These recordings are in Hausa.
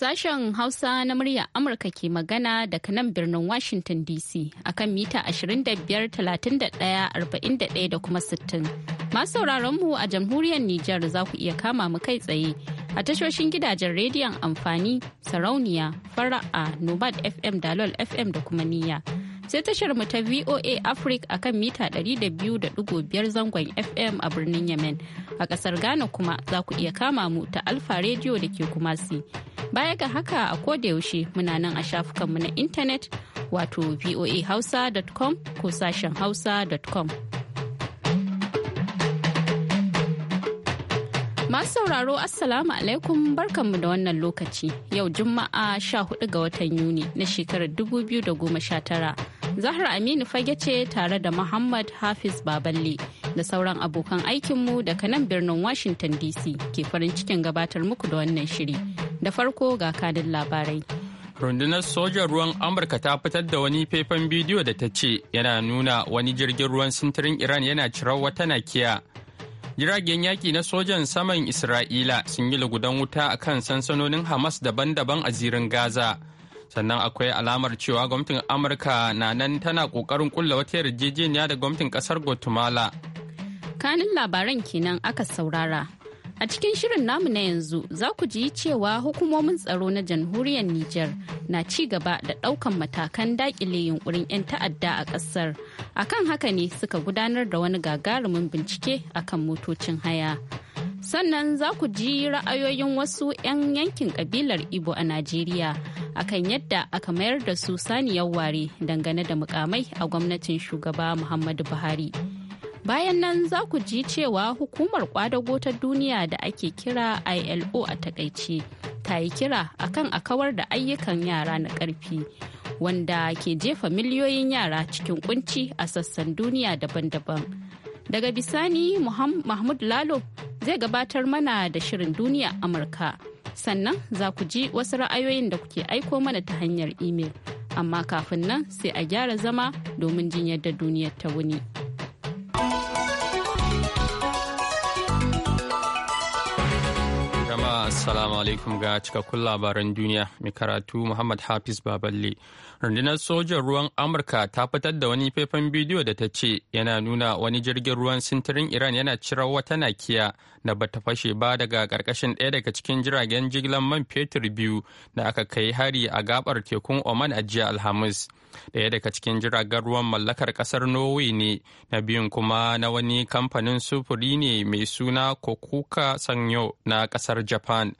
Sashen Hausa na murya Amurka ke magana daga nan birnin Washington DC a kan mita 25-31-41 da kuma 60. Masu sauraronmu a jamhuriyar Nijar za ku iya kama mu kai tsaye a tashoshin gidajen rediyon amfani, sarauniya, fara'a, Nomad FM, Dalol FM da kuma niyya. sai tashar mu ta VOA Africa akan mita 200.5 zangon FM a birnin Yemen. A ƙasar Ghana kuma za ku iya kama mu ta Alfa Radio da ke Kumasi. Baya ga haka a yaushe muna nan a shafukanmu na intanet wato voahausa.com ko sashen hausa.com. Masu sauraro Assalamu alaikum barkanmu da wannan lokaci yau Juma'a 14 ga watan Yuni na shekarar 2019. Zahra Aminu fage ce tare da Muhammad Hafiz Baballe da sauran abokan aikinmu daga nan birnin Washington DC ke farin cikin gabatar muku da wannan shiri. Da farko ga kanin labarai. Rundunar sojan ruwan Amurka ta fitar da wani faifan bidiyo da ta ce yana nuna wani jirgin ruwan sintirin Iran yana cirar wata nakiya. Jiragen yaƙi na sojan saman Isra'ila sun yi lugudan wuta a kan sansanonin Hamas daban-daban a zirin Gaza. sannan akwai alamar cewa gwamnatin amurka na nan tana kokarin kulla wata yarjejeniya da gwamnatin kasar guatemala kanin labaran kenan aka saurara A cikin shirin namu na yanzu za ku ji cewa hukumomin tsaro na jamhuriyar Nijar na ci gaba da ɗaukan matakan daƙile yunkurin 'yan ta'adda a ƙasar. kan haka ne suka gudanar da wani gagarumin bincike akan motocin haya. Sannan za ku ji ra'ayoyin wasu 'yan yankin ƙabilar Ibo a Najeriya akan yadda aka mayar da su saniyar ware dangane da mukamai a gwamnatin shugaba Muhammadu Buhari. Bayan nan za ku ji cewa hukumar kwadago ta duniya da ake kira ILO a takaice ta yi kira akan a kawar da ayyukan yara na ƙarfi wanda ke jefa miliyoyin yara cikin kunci a sassan duniya daban-daban. Daga bisani Mahmud Lalo zai gabatar mana da shirin duniya Amurka. Sannan za ku ji wasu ra'ayoyin da kuke aiko mana ta hanyar imel. Amma kafin nan sai a gyara zama domin jin yadda duniyar ta wuni. Assalamu alaikum ga cikakkun labaran duniya mai karatu Muhammad Hafiz Baballe. Rundunar sojan ruwan Amurka ta fitar da wani faifan bidiyo da ta ce yana nuna wani jirgin ruwan sintirin Iran yana cira wata nakiya da bata fashe ba daga karkashin ɗaya daga cikin jiragen jigilar man fetur biyu da aka kai hari a gabar tekun Oman a jiya Alhamis. Ɗaya daga cikin jiragen ruwan mallakar ƙasar Norway ne, na biyun kuma na wani kamfanin sufuri ne mai suna Kokuka Sanyo na ƙasar Japan. taiwan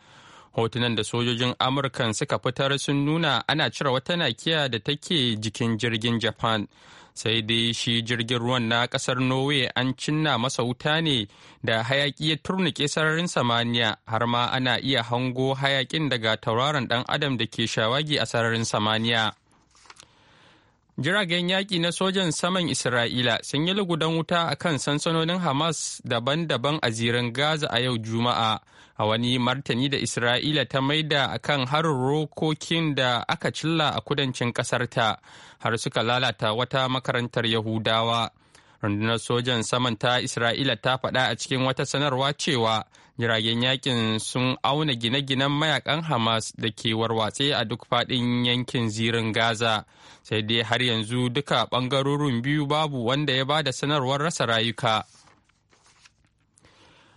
hotunan da sojojin amurkan suka fitar sun nuna ana cire wata nakiya da take jikin jirgin japan sai dai shi jirgin ruwan na kasar norway an cinna masa wuta ne da hayaki ya turnuƙe sararin samaniya har ma ana iya hango hayakin daga tauraron dan adam da ke shawagi a sararin samaniya Jiragen yaƙi na sojan saman Isra'ila sun yi lugudan wuta a kan sansanonin Hamas daban-daban a zirin Gaza a yau Juma'a, a wani martani da Isra'ila ta maida a kan harin rokokin da aka cilla a kudancin ƙasarta, har suka lalata wata makarantar Yahudawa. rundunar sojan saman ta isra'ila ta faɗa a cikin wata sanarwa cewa jiragen yakin sun auna gine-ginen mayakan hamas da ke warwatse a duk fadin yankin zirin gaza sai dai har yanzu duka bangarorin biyu babu wanda ya ba da sanarwar rasa rayuka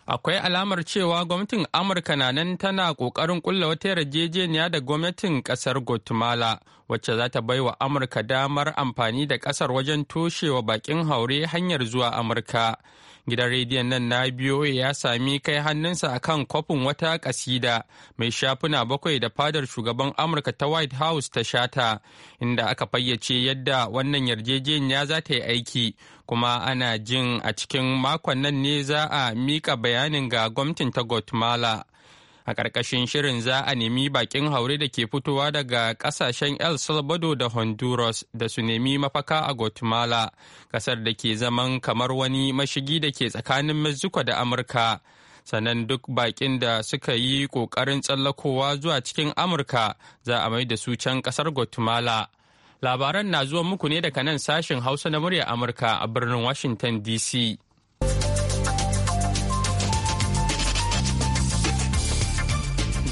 akwai alamar cewa gwamnatin amurka na nan tana kokarin kulla wata yarjejeniya da gwamnatin kasar guatemala wacce za ta bai wa amurka damar amfani da kasar wajen toshewa bakin haure hanyar zuwa amurka gidan rediyon nan na biyo ya sami kai hannunsa a kan kwafin wata kasida mai shafuna bakwai da fadar shugaban amurka ta white house ta shata inda aka fayyace yadda wannan yarjejeniya za ta yi aiki kuma ana jin a cikin makon nan ne za a mika bayanin ga gwamnatin ta guatemala a ƙarƙashin shirin za a nemi bakin haure da ke fitowa daga ƙasashen el salvador da honduras da su nemi mafaka a guatemala ƙasar da ke zaman kamar wani mashigi da ke tsakanin mexico da amurka sannan duk bakin da suka yi ƙoƙarin tsallakowa zuwa cikin amurka za a mai da su can ƙasar guatemala labaran na zuwa muku ne daga nan sashen hausa na murya amurka a birnin washington dc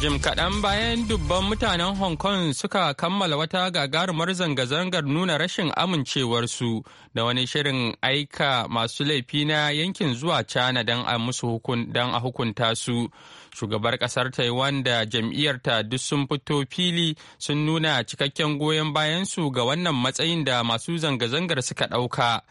Jim kaɗan bayan dubban mutanen Hong Kong suka kammala wata gagarumar zanga-zangar nuna rashin amincewarsu da wani shirin aika masu laifi na yankin zuwa China don a musu a hukunta su. Shugabar ƙasar Taiwan da jam'iyyarta duk sun fito fili sun nuna cikakken goyon bayansu ga wannan matsayin da masu zanga-zangar suka ɗauka.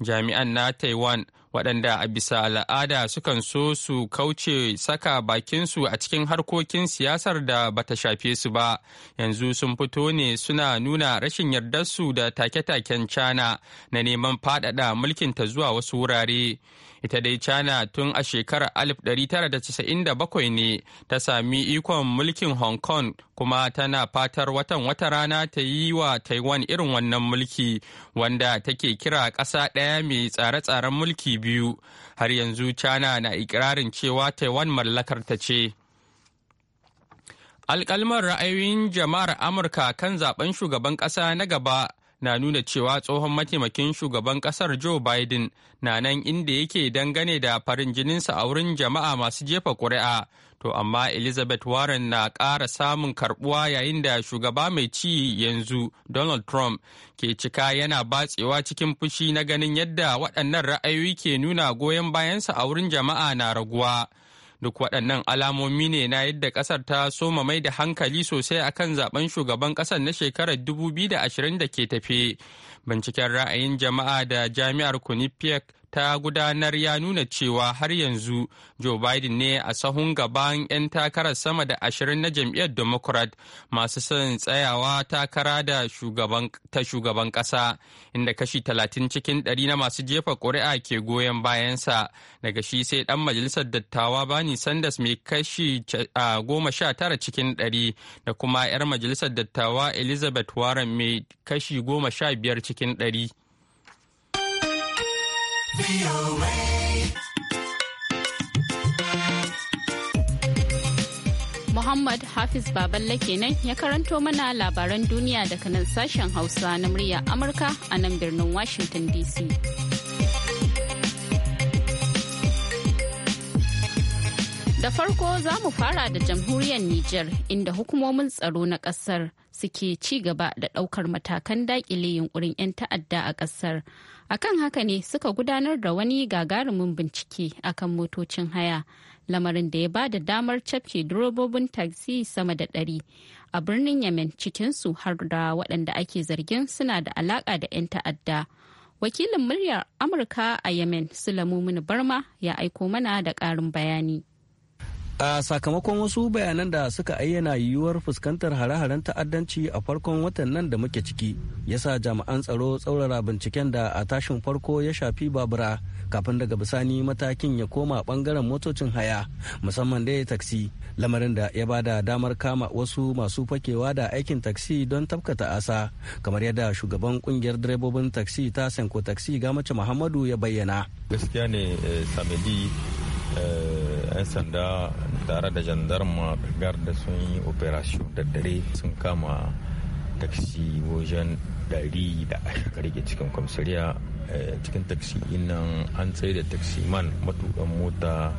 Jami'an na Taiwan waɗanda a bisa al'ada sukan so su kauce saka bakinsu a cikin harkokin siyasar da bata shafe su ba yanzu sun fito ne suna nuna rashin yardarsu da take-taken cana na neman faɗaɗa ta zuwa wasu wurare ita dai china tun a shekarar 1997 ne ta sami ikon mulkin hong kong kuma tana fatar watan wata rana ta yi wa taiwan irin wannan mulki wanda take kira ƙasa ɗaya mai tsare-tsaren mulki biyu har yanzu china na ikirarin cewa taiwan mallakar ta ce alkalmar ra'ayoyin jama'ar amurka kan zaben shugaban kasa na gaba na nuna cewa tsohon mataimakin shugaban kasar joe biden na nan inda yake dangane da farin jininsa a wurin jama'a masu jefa ƙuri'a To amma Elizabeth Warren na ƙara samun karbuwa yayin da shugaba mai ci yanzu Donald Trump ke cika yana batsewa cikin fushi na ganin yadda waɗannan ra'ayoyi ke nuna goyon bayansa a wurin jama'a na raguwa. Duk waɗannan alamomi ne na yadda ƙasar ta soma mai da hankali sosai a kan zaɓen shugaban ƙasar na shekarar 2020 da ke tafe. Binciken ra'ayin jama'a da jami'ar Quinnipiac ta gudanar ya nuna cewa har yanzu Joe Biden ne a sahun gaban 'yan takarar sama da ashirin na jam'iyyar Democrat masu son tsayawa takara da ta shugaban kasa inda kashi talatin cikin dari na masu jefa ƙuri'a ke goyon bayansa. Daga shi sai dan majalisar dattawa Bani Sanders mai kashi goma sha tara cikin dari da kuma 'yar majalisar dattawa Elizabeth Warren mai kashi goma sha biyar cikin dari. Muhammad Hafiz Baballe kenan ya karanto mana labaran duniya daga nan sashen Hausa na muryar Amurka a nan birnin Washington DC. Da farko za mu fara da jamhuriyar Nijar inda hukumomin tsaro na ƙasar suke ci gaba da ɗaukar matakan daƙile yunkurin 'yan ta'adda a ƙasar. Akan haka ne suka gudanar da wani gagarumin bincike a kan motocin haya, lamarin da ya ba da damar cafke durobobin taxi sama da ɗari a birnin Yemen cikinsu har da waɗanda ake zargin suna da alaƙa da 'yan ta'adda. Wakilin muryar Amurka a Yemen, Sulamu Barma, ya aiko mana da ƙarin bayani. a sakamakon wasu bayanan da suka ayyana yiwuwar fuskantar hare-haren ta'addanci a farkon watan nan da muke ciki yasa jami'an tsaro tsaurara binciken da a tashin farko ya shafi babura kafin daga bisani matakin ya koma bangaren motocin haya musamman da ya taksi lamarin da ya bada damar kama wasu masu fakewa da aikin taksi don tafkata asa kamar yadda shugaban kungiyar direbobin taksi ta senko taksi ga mace muhammadu ya bayyana gaskiya ne eh, samedi eh, 'yan sanda tare da jandarma da sun yi operation da dare sun kama taksi wajen dari da aka rike cikin kwamsariya eh, cikin taksi inan an tsaye da taksi man matukan mota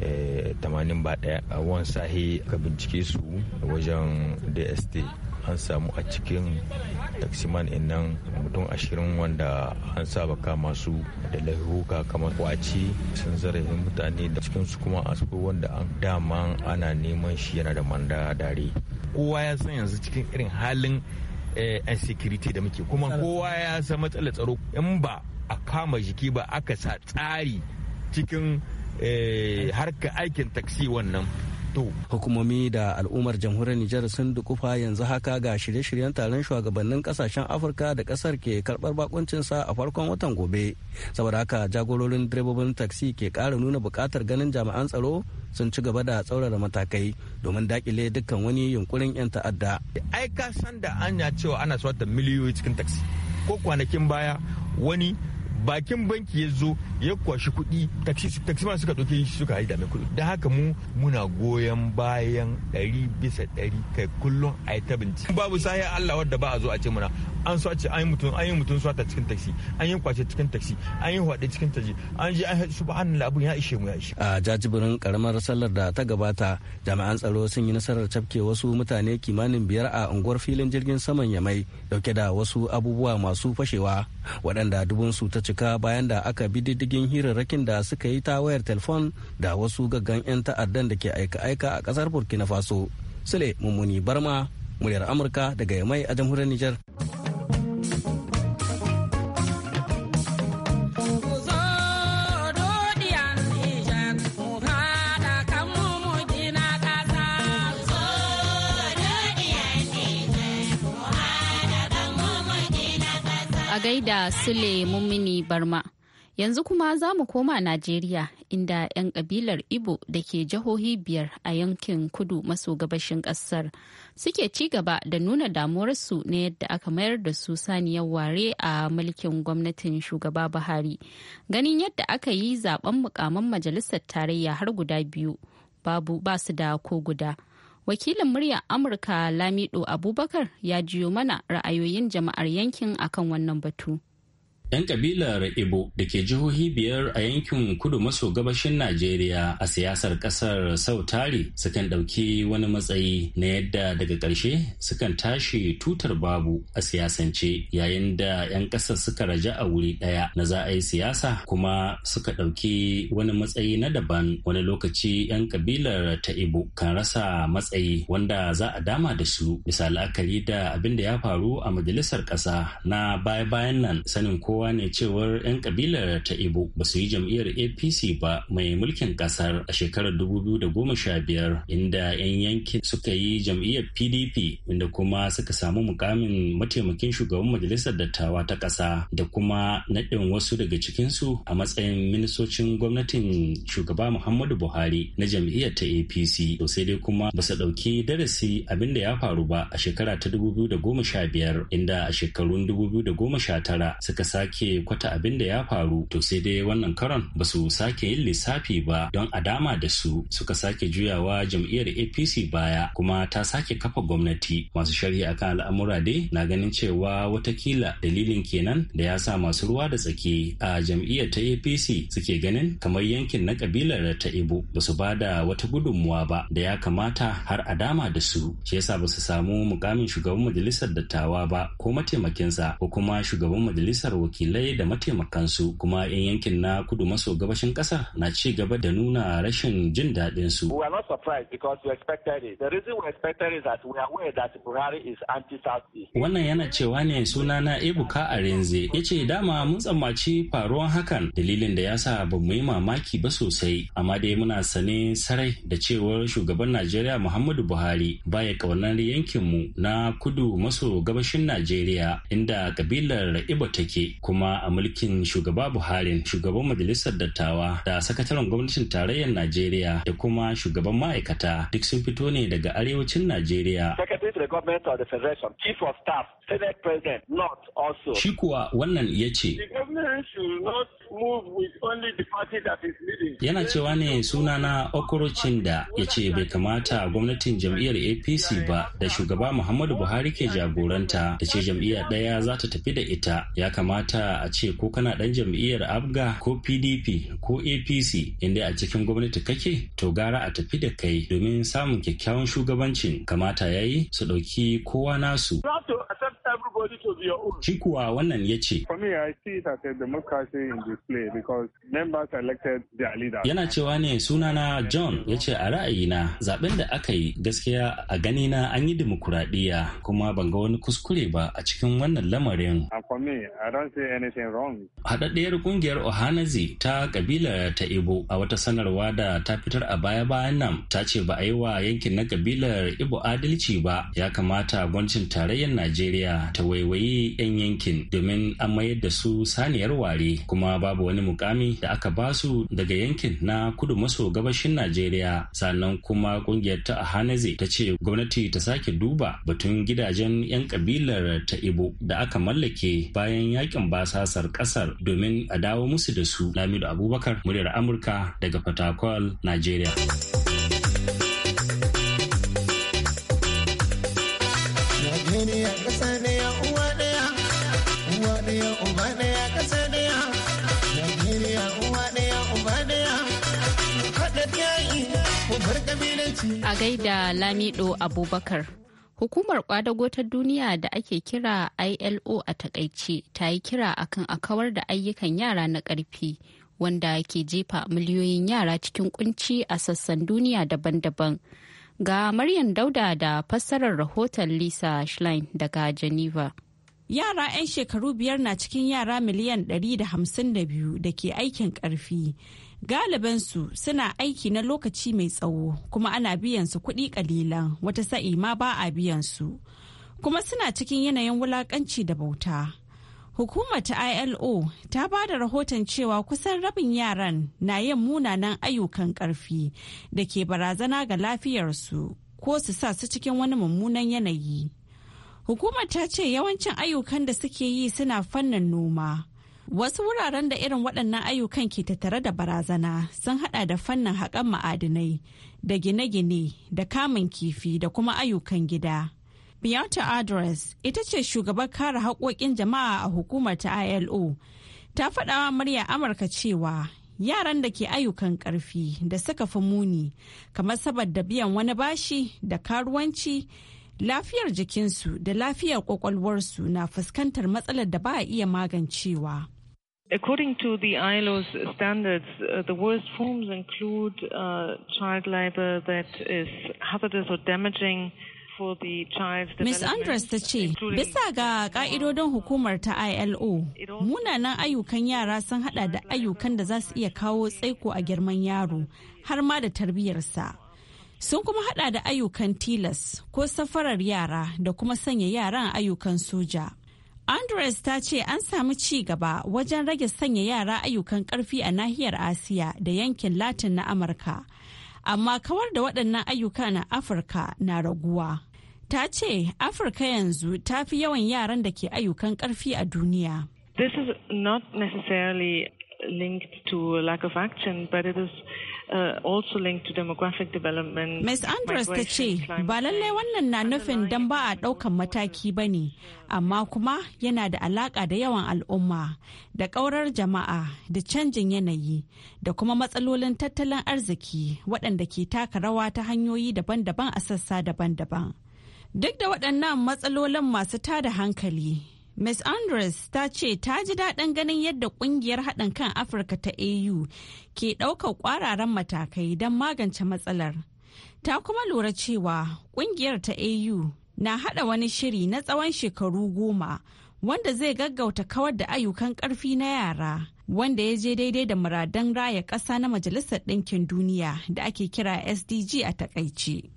eh, ba ɗaya a wani sahi ka bincike su wajen dst an samu a cikin taximan nan mutum ashirin wanda an saba kama su da laifuka kamar kwaci sun zarafin mutane da cikinsu kuma a wanda an dama ana neman shi yana da manda dare kowa ya san yanzu cikin irin halin eh, insecurity da muke kuma kowa ya san matsalar tsaro in ba a kama jiki ba aka sa tsari cikin eh, harka aikin taksi wannan Hukumomi da al'ummar jamhuriyar Nijar sun dukufa yanzu haka ga shirye-shiryen taron shugabannin kasashen Afirka da kasar ke karbar bakuncinsa a farkon watan gobe. Saboda haka jagororin direbobin taxi ke kara nuna bukatar ganin jami'an tsaro sun ci gaba da tsaurara matakai domin dakile dukkan wani yunkurin 'yan ta'adda. Ai ka san da anya cewa ana suwata miliyoyi cikin taxi Ko kwanakin baya wani bakin banki ya zo ya kwashi kuɗi taksi ma suka ɗauke shi suka haida mai kuɗi da haka mu muna goyon bayan ɗari bisa ɗari kai kullum a yi ta bincike babu sahi allah wadda ba a zo a ce muna an so an yi mutum an yi mutum swata cikin taxi an yi kwace cikin taxi an yi hwaɗe cikin taxi an je an subhanallah abun ya ishe mu ya ishe a jajibirin karamar sallar da ta gabata jami'an tsaro sun yi nasarar cafke wasu mutane kimanin biyar a unguwar filin jirgin saman yamai dauke da wasu abubuwa masu fashewa waɗanda dubun ta cika bayan da aka bi diddigin hirarrakin da suka yi ta wayar telefon da wasu gaggan 'yan ta'addan da ke aika-aika a ƙasar burkina faso sule mummuni barma muryar amurka daga yamai a jamhuriyar nijar. da Sule Mummini Barma. Yanzu kuma za mu koma Najeriya inda 'yan kabilar Ibo da ke jihohi biyar a yankin kudu maso gabashin ƙasar suke ci gaba da nuna damuwarsu na yadda aka mayar da su saniyar ware a mulkin gwamnatin shugaba Buhari. Ganin yadda aka yi zaben mukaman majalisar tarayya har guda biyu babu ba su da ko guda. wakilin muryar amurka lamido abubakar ya jiyo mana ra'ayoyin jama'ar yankin akan wannan batu. 'yan kabilar ibo da ke jihohi biyar a yankin kudu maso gabashin najeriya a siyasar kasar sautari sukan ɗauki wani matsayi na yadda daga ƙarshe sukan tashi tutar babu a siyasance yayin da 'yan ƙasar suka raja a wuri ɗaya na za a yi siyasa kuma suka ɗauki wani matsayi na daban wani lokaci 'yan kabilar ta ibo kan rasa matsayi wanda za a dama da su misali la'akari da abin da ya faru a majalisar ƙasa na baya-bayan nan sanin ko kowa ne cewar 'yan kabilar ta ibo ba su yi jam'iyyar apc ba mai mulkin kasar a shekarar 2015 inda 'yan yankin suka yi jam'iyyar pdp inda kuma suka samu mukamin mataimakin shugaban majalisar dattawa ta ƙasa da kuma naɗin wasu daga cikinsu a matsayin ministocin gwamnatin shugaba muhammadu buhari na jam'iyyar ta apc to sai dai kuma ba su ɗauki darasi abin da ya faru ba a shekara ta 2015 inda a shekarun 2019 suka sake sake kwata abin da ya faru to sai dai wannan karon ba su sake yin lissafi ba don a dama da su suka sake juyawa jam'iyyar apc baya kuma ta sake kafa gwamnati masu sharhi akan al'amura dai na ganin cewa watakila dalilin kenan da ya sa masu ruwa da tsaki a jam'iyyar ta apc suke ganin kamar yankin na kabilar ta ibo ba su bada wata gudunmuwa ba da ya kamata har a dama da su shi yasa ba su samu mukamin shugaban majalisar dattawa ba ko mataimakinsa ko kuma shugaban majalisar wakilai wakilai da mataimakansu kuma 'yan yankin na kudu maso gabashin ƙasa, na ci gaba da nuna rashin jin daɗin su. We are not surprised because we expected The reason we expected is that we are aware that Buhari is anti-South Wannan yana cewa ne sunana Ebuka Arenze ya ce dama mun tsammaci faruwan hakan dalilin da ya sa ba mu yi mamaki ba sosai amma dai muna sane sarai da cewar shugaban Najeriya Muhammadu Buhari baya ƙaunar yankinmu na kudu maso gabashin Najeriya inda kabilar Ibo take kuma a mulkin shugaba buhari shugaban majalisar dattawa da sakataren gwamnatin tarayyar najeriya da kuma shugaban ma'aikata duk sun fito ne daga arewacin najeriya shi kuwa wannan ya ce yana cewa ne sunana okorocin da ya ce bai kamata gwamnatin jam'iyyar apc ba da shugaba muhammadu buhari ke jagoranta da ce jam'iyyar ɗaya za ta tafi da ita ya kamata kamata a ce ko kana ɗan jam'iyyar abga ko pdp ko apc inda a cikin gwamnati kake to gara a tafi da kai domin samun kyakkyawan shugabancin kamata yayi su ɗauki kowa nasu Shi kuwa wannan ya ce. Yana cewa ne sunana John ya ce a ra'ayina zaben da aka yi gaskiya a ganina an yi dimokuraɗiyya kuma ban ga wani kuskure ba a cikin wannan lamarin. Haɗaɗɗiyar ƙungiyar Ohanazi ta ƙabilar ta Ibo a wata sanarwa da ta fitar a baya-bayan nan ta ce ba a yi wa yankin na ƙabilar Ibo adalci ba ya kamata gwancin tarayyar Najeriya ta waiwayi yi 'yan yankin domin an mayar da su saniyar ware kuma babu wani mukami da aka ba su daga yankin na kudu maso gabashin najeriya sannan kuma kungiyar ta hanaze ta ce gwamnati ta sake duba batun gidajen 'yan kabilar ta ibo da aka mallake bayan yakin basasar kasar domin a dawo musu da su lamido abubakar muryar amurka daga fatakwal najeriya A gaida Lamido Abubakar. Hukumar kwadago ta duniya da ake kira ILO a takaice ta yi kira akan a kawar da ayyukan yara na ƙarfi wanda ke jefa miliyoyin yara cikin kunci a sassan duniya daban-daban. Ga Maryam Dauda da fassarar rahoton Lisa Schlein daga Geneva. yara 'yan shekaru biyar na cikin yara miliyan 152 da ke aikin ƙarfi. su suna aiki na lokaci mai tsawo kuma ana biyan su kuɗi ƙalilan wata sa'i ma ba a biyan su. Kuma suna cikin yanayin wulaƙanci da bauta. Hukumar ta ILO ta ba da rahoton cewa kusan rabin yaran na yin munanan ayyukan ƙarfi da ke barazana ga lafiyarsu ko su sa su cikin wani mummunan yanayi. Hukumar ta ce yawancin ayyukan da suke yi suna fannin noma. Wasu wuraren da irin waɗannan ayyukan ke tattare da barazana sun haɗa da fannin haƙan ma'adinai da gine-gine da kamun kifi da kuma ayyukan gida. Bianca Adres ita ce shugabar kare haƙoƙin jama'a a hukumar ta ILO. Ta faɗawa murya Amurka cewa yaran da ke ayyukan ƙarfi da suka fi muni kamar sabar da biyan wani bashi da karuwanci lafiyar jikinsu da lafiyar kwakwalwarsu na fuskantar matsalar da ba a iya magancewa. According to the ILO's standards, uh, the worst forms include uh, child labor that is hazardous or damaging the child's Ms. Andres ta ce, bisa ga ka'idodin hukumar ta ILO, munanan ayyukan yara sun hada da ayyukan da za su iya kawo tsaiko a girman yaro, har ma da tarbiyyarsa. Sun kuma hada da ayyukan tilas ko safarar yara da kuma sanya yaran ayyukan soja. Andres ta ce an samu ci gaba wajen rage sanya yara ayyukan karfi a nahiyar Asiya da yankin Latin na Amurka. Amma kawar da waɗannan ayyuka na Afirka na raguwa. Ta ce Afirka yanzu ta fi yawan yaran da ke ayyukan karfi a duniya. This is not necessarily linked to lack of action, but it is Uh, Ms. Andres ta ce, ba lallai wannan na nufin don ba a ɗaukan mataki ba ne, amma kuma yana da alaƙa da yawan al'umma, da ƙaurar jama'a, da canjin yanayi, da kuma matsalolin tattalin arziki waɗanda ke taka rawa ta hanyoyi daban-daban a sassa daban-daban. Duk da waɗannan matsalolin masu tada hankali, Ms. Andres ta ce ta ji daɗin ganin yadda ƙungiyar haɗin kan Afirka ta AU ke ɗaukar ƙwararan matakai don magance matsalar. Ta kuma lura cewa ƙungiyar ta AU na haɗa wani shiri na tsawon shekaru goma wanda zai gaggauta kawar da ayyukan ƙarfi na yara wanda ya je daidai da muradan raya ƙasa na Majalisar Ɗinkin Duniya da ake kira SDG a taƙaice.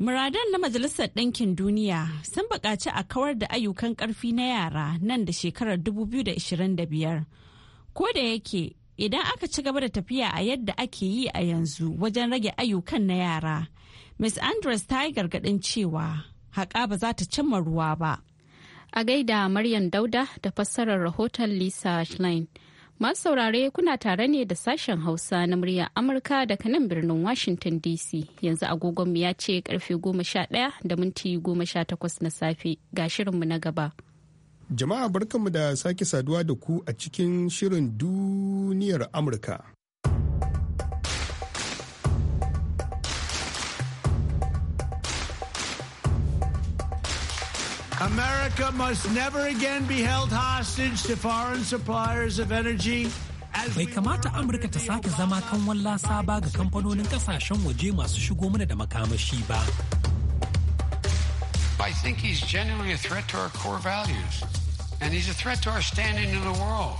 Muradan na Majalisar Ɗinkin Duniya sun buƙaci a kawar da ayyukan ƙarfi na yara nan da shekarar 2025. Ko da yake idan aka ci gaba da tafiya a yadda ake yi a yanzu wajen rage ayyukan na yara, Ms. Andres ta yi gargaɗin cewa haƙa ba za ta cimma ruwa ba. A gaida Maryam Dauda da fassarar rahoton Lisa Schlein. Masu saurare kuna tare ne da sashen Hausa na murya Amurka daga nan birnin Washington DC. Yanzu agogonmu ya ce karfe 11 da minti 18 na safe ga shirinmu na gaba. Jama'a barkanmu da sake saduwa da ku a cikin shirin duniyar Amurka. America must never again be held hostage to foreign suppliers of energy. Bai kamata Amurka ta sake zama kan wallasa ba ga kamfanonin kasashen waje masu shigo mana da makamashi ba. I think he's genuinely a threat to our core values, and he's a threat to our standing in the world.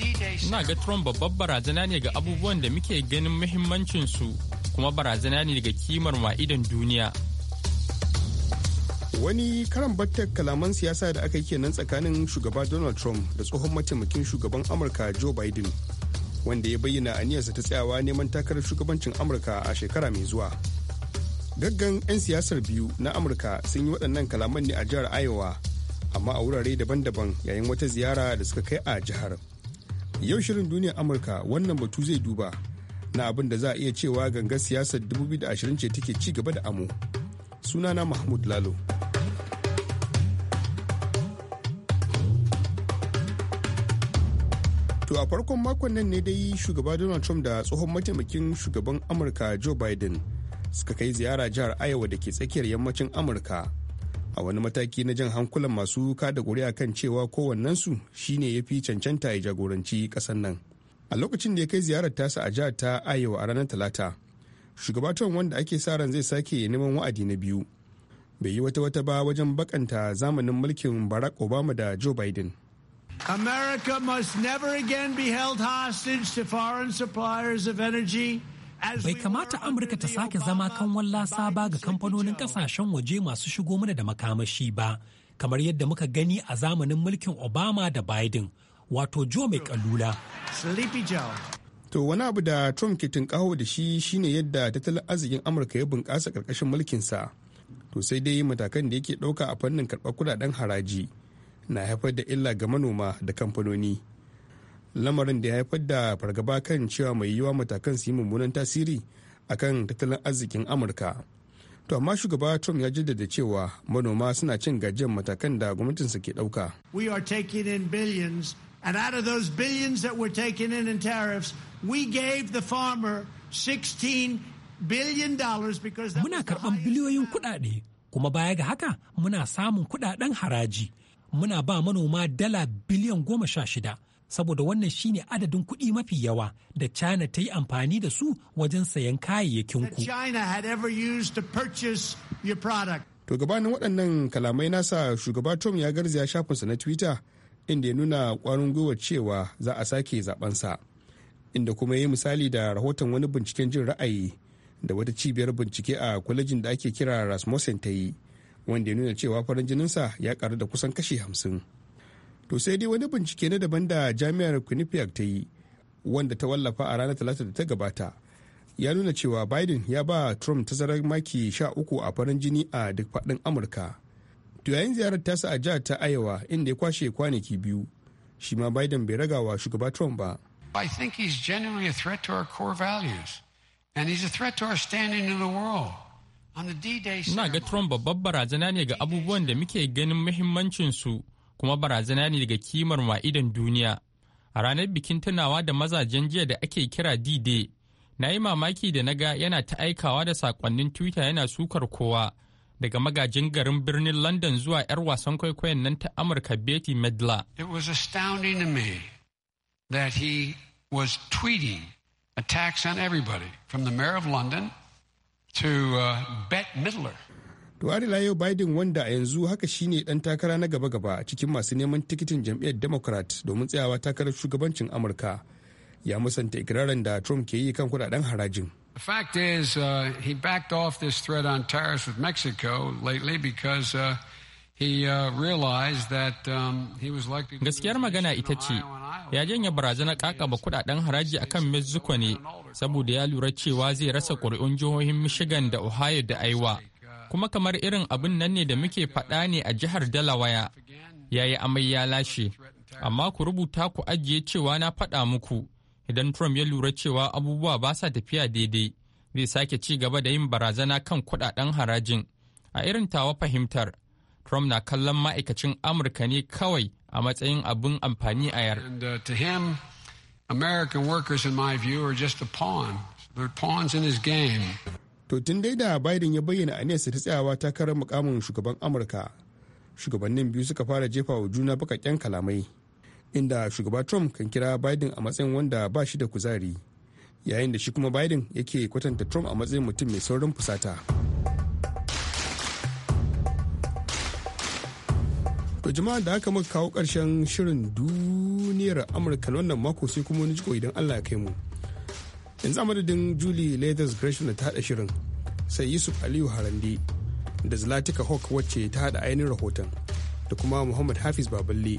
Ina ga Trump babbar barazana ne ga abubuwan da muke ganin muhimmancinsu kuma barazana ne ga kimar ma'idan duniya. wani karan battar kalaman siyasa da aka yi kenan tsakanin shugaba donald trump da tsohon mataimakin shugaban amurka joe biden wanda ya bayyana a aniyarsa ta tsayawa neman takarar shugabancin amurka a shekara mai zuwa gaggan 'yan siyasar biyu na amurka sun yi waɗannan kalaman ne a jihar iowa amma a wurare daban-daban yayin wata ziyara da suka kai a jihar yau shirin duniyar amurka wannan batu zai duba na abin da za a iya cewa gangar siyasar 2020 ce take ci gaba da amo sunana mahmud lalo To a farkon makon nan ne dai shugaba Donald Trump da tsohon mataimakin shugaban Amurka Joe Biden suka kai ziyara jihar Iowa da ke tsakiyar yammacin Amurka. A wani mataki na jan hankulan masu kada kuri'a kan cewa kowannensu ne ya fi cancanta ya jagoranci kasan nan. A lokacin da ya kai ziyarar tasa a jihar ta Iowa a ranar Talata, shugaba Trump wanda ake sa ran zai sake neman wa'adi na biyu. Bai yi wata wata ba wajen bakanta zamanin mulkin Barack Obama da Joe Biden. America must never again be held hostage to foreign suppliers of energy. Bai kamata Amurka ta sake zama kan wallasa ba ga kamfanonin kasashen waje masu shigo mana da makamashi ba, kamar yadda muka gani a zamanin mulkin Obama da Biden, wato Joe mai kalula. Sleepy To wani abu da Trump ke tunkaho da shi shine yadda tattalin arzikin Amurka ya bunƙasa ƙarƙashin mulkinsa. To sai dai matakan da yake ɗauka a fannin karɓar kudaden haraji. na haifar da illa ga manoma da kamfanoni lamarin da ya haifar da fargaba kan cewa mai yiwuwa matakan su yi mummunan tasiri akan tattalin arzikin amurka to amma shugaba trump ya jaddada cewa manoma suna cin gajiyar matakan da gwamnatinsa ke dauka. we are taking in billions and out of those billions that gave the farmer 16 billion dollars because muna karɓan biliyoyin kuɗaɗe kuma baya ga haka muna samun kuɗaɗen haraji muna ba manoma dala biliyan goma sha shida saboda wannan shine adadin kuɗi mafi yawa da China ta yi amfani da su wajen sayan kayayyakin ku. To gabanin waɗannan kalamai nasa shugaba tom ya garzaya shafinsa na Twitter inda ya nuna ƙwarin gwiwa cewa za a sake zabensa. Inda kuma ya yi misali da rahoton wani binciken jin ra'ayi da wata cibiyar bincike a kwalejin da ake kira Rasmussen ta yi. wanda ya nuna cewa farin jininsa ya karu da kusan kashi hamsin. To sai dai wani bincike na daban da jami'ar Quinnipiac ta yi wanda ta wallafa a ranar talata da ta gabata ya nuna cewa Biden ya ba Trump tazarar maki sha uku a farin jini a duk faɗin Amurka. To yayin ziyarar tasa a jihar ta Iowa inda ya kwashe kwanaki biyu shi ma Biden bai ragawa shugaba Trump ba. I think he's genuinely a threat to our core values and he's a threat to our standing in the world. Ina ga Trump babbar barazana ne ga abubuwan da muke ganin muhimmancinsu kuma barazana ne ga kimar ma'idan duniya. A ranar bikin tunawa da mazajen jiya da ake kira D-Day, na yi mamaki da na ga yana ta aikawa da sakonnin Twitter yana sukar kowa daga magajin garin birnin London zuwa 'yar wasan kwaikwayon nan ta Amurka Betty Medler. It was astounding to me that he was tweeting attacks on everybody from the mayor of London to uh, Bette Midler. To Adila yau Biden wanda a yanzu haka shine dan takara na gaba-gaba cikin masu neman tikitin jam'iyyar Democrat domin tsayawa takarar shugabancin Amurka ya musanta ikirarin da Trump ke yi kan kudaden harajin. The fact is uh, he backed off this threat on tariffs with Mexico lately because uh, Uh, um, Gaskiyar magana ita ce, ya janye barazanar kakaba kudaden haraji akan Mexico ne saboda ya lura cewa zai rasa ƙuri'un jihohin Michigan da Ohio da Aiwa. Kuma kamar irin abin nan ne da muke faɗa ne a jihar Delaware, ya yi amai ya lashe. Amma ku rubuta ku ajiye cewa na faɗa muku, idan Trump ya lura cewa abubuwa ba sa tafiya daidai, zai sake ci gaba da yin barazana kan kudaden harajin. A irin tawa fahimtar, Trump na kallon ma'aikacin Amurka ne kawai a matsayin abin amfani a yar. Uh, to tun dai da Biden ya bayyana a nesa ta tsayawa takarar mukamin shugaban Amurka, shugabannin biyu suka fara jefa wa juna bakakken kalamai, inda shugaba Trump kan kira Biden a matsayin wanda ba shi da kuzari, yayin da shi kuma Biden yake kwatanta Trump a matsayin mutum mai saurin fusata. To jama'a da aka muka kawo ƙarshen shirin duniyar Amurka na wannan mako sai kuma wani jiko idan Allah ya kai mu. Yanzu a madadin Julie Leathers Gresham da ta haɗa shirin sai Yusuf Aliyu Harande da Zlatika Hawk wacce ta haɗa ainihin rahoton da kuma Muhammad Hafiz Baballe.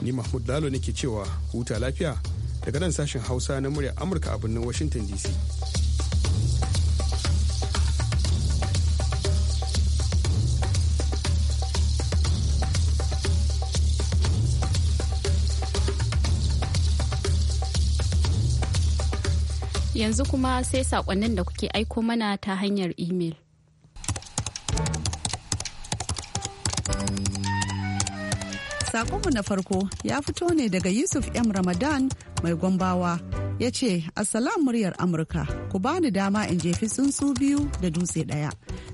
Ni Mahmud Lalo nake cewa huta lafiya daga nan sashen Hausa na murya Amurka a birnin Washington DC. yanzu kuma sai sakonnin da kuke aiko mana ta hanyar imel. Sakonmu na farko ya fito ne daga Yusuf M. Ramadan mai gombawa ya ce, Assalam muryar Amurka, ku bani dama in jefi tsuntsu biyu da dutse ɗaya.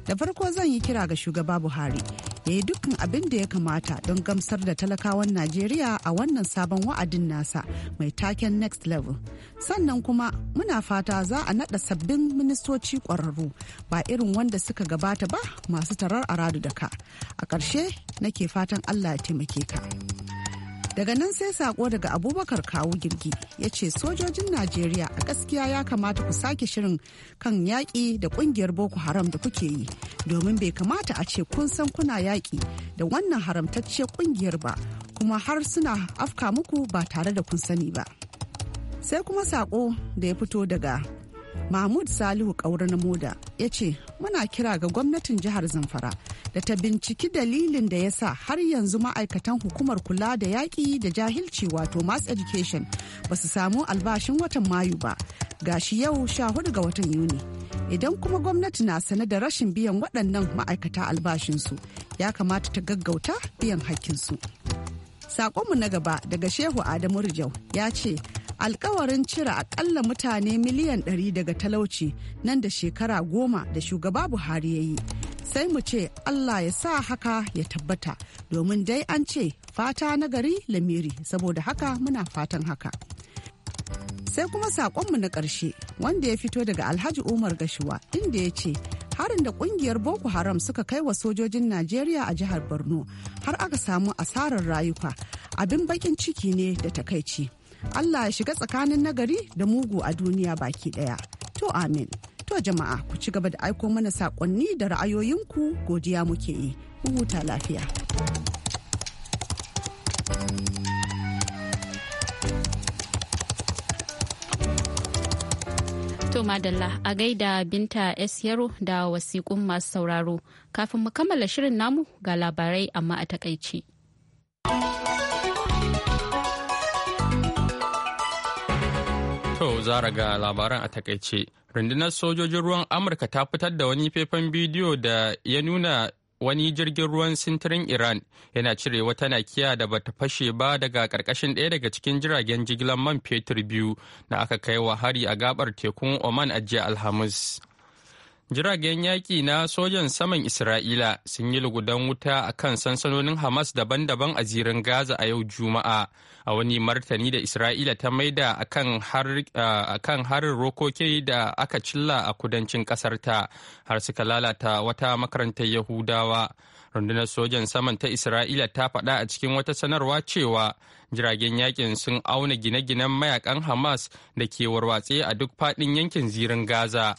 Da farko zan yi kira ga shugaba Buhari ya yi dukkan abin da ya kamata don gamsar da talakawan Najeriya a wannan sabon wa'adin nasa mai taken Next Level. Sannan kuma muna fata za a naɗa sabbin ministoci ƙwararru ba irin wanda suka gabata ba masu tarar a radu da ka. A ƙarshe nake fatan Allah ya taimake ka. daga nan sai sako daga abubakar kawu girgi ya ce sojojin najeriya a gaskiya ya kamata ku sake shirin kan yaƙi da ƙungiyar boko haram da kuke yi domin bai kamata a ce kun san kuna yaƙi da wannan haramtacce ƙungiyar ba kuma har suna afka muku ba tare da kun sani ba sai kuma sako da ya fito daga mahmud salihu ƙaurin na moda ya ce muna kira ga gwamnatin jihar zamfara da ta binciki dalilin da ya sa har yanzu ma'aikatan hukumar kula da yaƙi da jahilci wato mass education ba su samu albashin watan mayu ba ga shi yau sha hudu ga watan yuni idan kuma gwamnati na sane da rashin biyan waɗannan ma'aikata albashinsu ya kamata ta gaggauta biyan hakkinsu saƙonmu na gaba daga shehu adamu rijau ya ce alkawarin cire akalla mutane miliyan 100 daga talauci nan da shekara goma da shugaba buhari ya yi sai mu ce Allah ya sa haka ya tabbata domin dai an ce fata na gari lamiri saboda haka muna fatan haka. Sai kuma saƙonmu na ƙarshe wanda ya fito daga Alhaji Umar Gashuwa inda ya ce harin da ƙungiyar Boko Haram suka kai wa sojojin Najeriya a jihar Borno har aka samu asarar rayuka abin bakin ciki ne da takaici. Allah ya shiga tsakanin nagari da mugu a duniya baki ɗaya. To amin. To jama'a ku ci gaba da aiko mana saƙonni da ra'ayoyinku godiya muke yi. Huta lafiya. To Madalla a gaida Binta S Yaro da wasiƙun masu sauraro. Kafin mu kammala shirin namu ga labarai amma a takaici. zara ga labaran a takaice. Rundunar sojojin ruwan Amurka ta fitar da wani faifan bidiyo da ya nuna wani jirgin ruwan sintirin Iran yana cire wata nakiya da bata fashe ba daga karkashin ɗaya daga cikin jiragen jigilar man fetur biyu da aka kai wa hari a gabar tekun Oman a jiya Alhamis. jiragen yaƙi na sojan saman Isra'ila sun yi lugudan wuta a kan sansanonin Hamas daban-daban a zirin Gaza a yau Juma'a, a wani martani da Isra'ila ta maida a kan harin rokoki da aka cilla a kudancin ƙasarta har suka lalata wata makarantar Yahudawa. rundunar sojan saman ta isra'ila ta faɗa a cikin wata sanarwa cewa jiragen yakin sun auna gine-ginen mayakan hamas da ke warwatse a duk faɗin yankin zirin gaza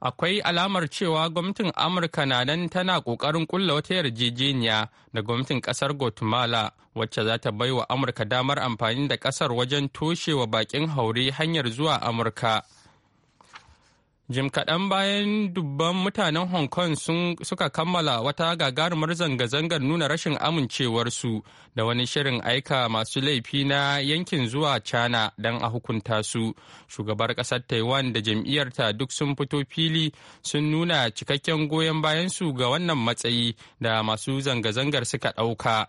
akwai alamar cewa gwamnatin amurka na nan tana ƙoƙarin ƙulla wata yarjejeniya da gwamnatin ƙasar guatemala wacce za ta bai wa amurka damar amfani da ƙasar wajen toshewa baƙin haure hanyar zuwa amurka Jim kaɗan bayan dubban mutanen Hong Kong suka kammala wata gagarumar zanga-zangar nuna rashin amincewarsu da wani shirin aika masu laifi na yankin zuwa China don a hukunta su. Shugabar ƙasar Taiwan da jam'iyyarta duk sun fito fili sun nuna cikakken goyon bayan su ga wannan matsayi da masu zanga-zangar suka ɗauka.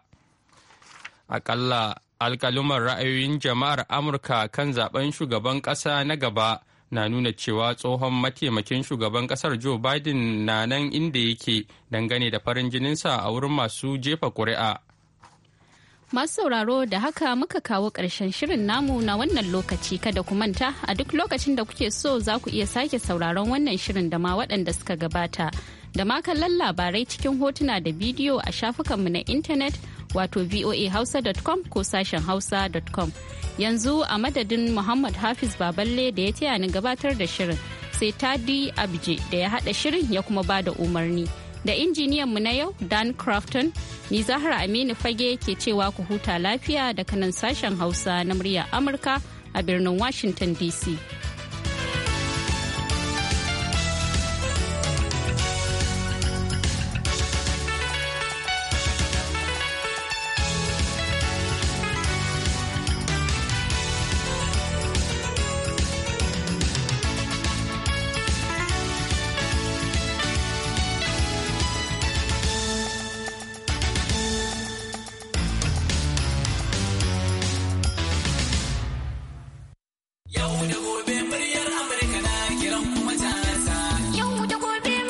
Aƙalla alkaluman ra'ayoyin jama'ar Amurka kan zaben shugaban ƙasa na gaba. na nuna cewa tsohon mataimakin shugaban kasar joe biden na nan inda yake dangane da farin jininsa a wurin masu jefa kuri'a masu sauraro da haka muka kawo ƙarshen shirin namu na wannan lokaci kada ku manta a duk lokacin da kuke so za ku iya sake sauraron wannan shirin da ma waɗanda suka gabata da ma kallon labarai cikin hotuna da bidiyo a shafukanmu na intanet wato voahausa.com ko sashen hausa.com. Yanzu a madadin Muhammad Hafiz Baballe da ya taya ni gabatar da shirin sai Tadi Abje da ya haɗa shirin ya kuma ba da umarni. Da injiniyan mu na yau Dan Crafton, ni Zahra Aminu Fage ke cewa ku huta lafiya da kanan sashen Hausa na murya Amurka a birnin Washington DC.